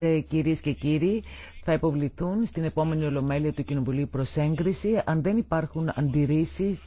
Ε, Κυρίε και κύριοι, θα υποβληθούν στην επόμενη Ολομέλεια του Κοινοβουλίου προς έγκριση αν δεν υπάρχουν αντιρρήσεις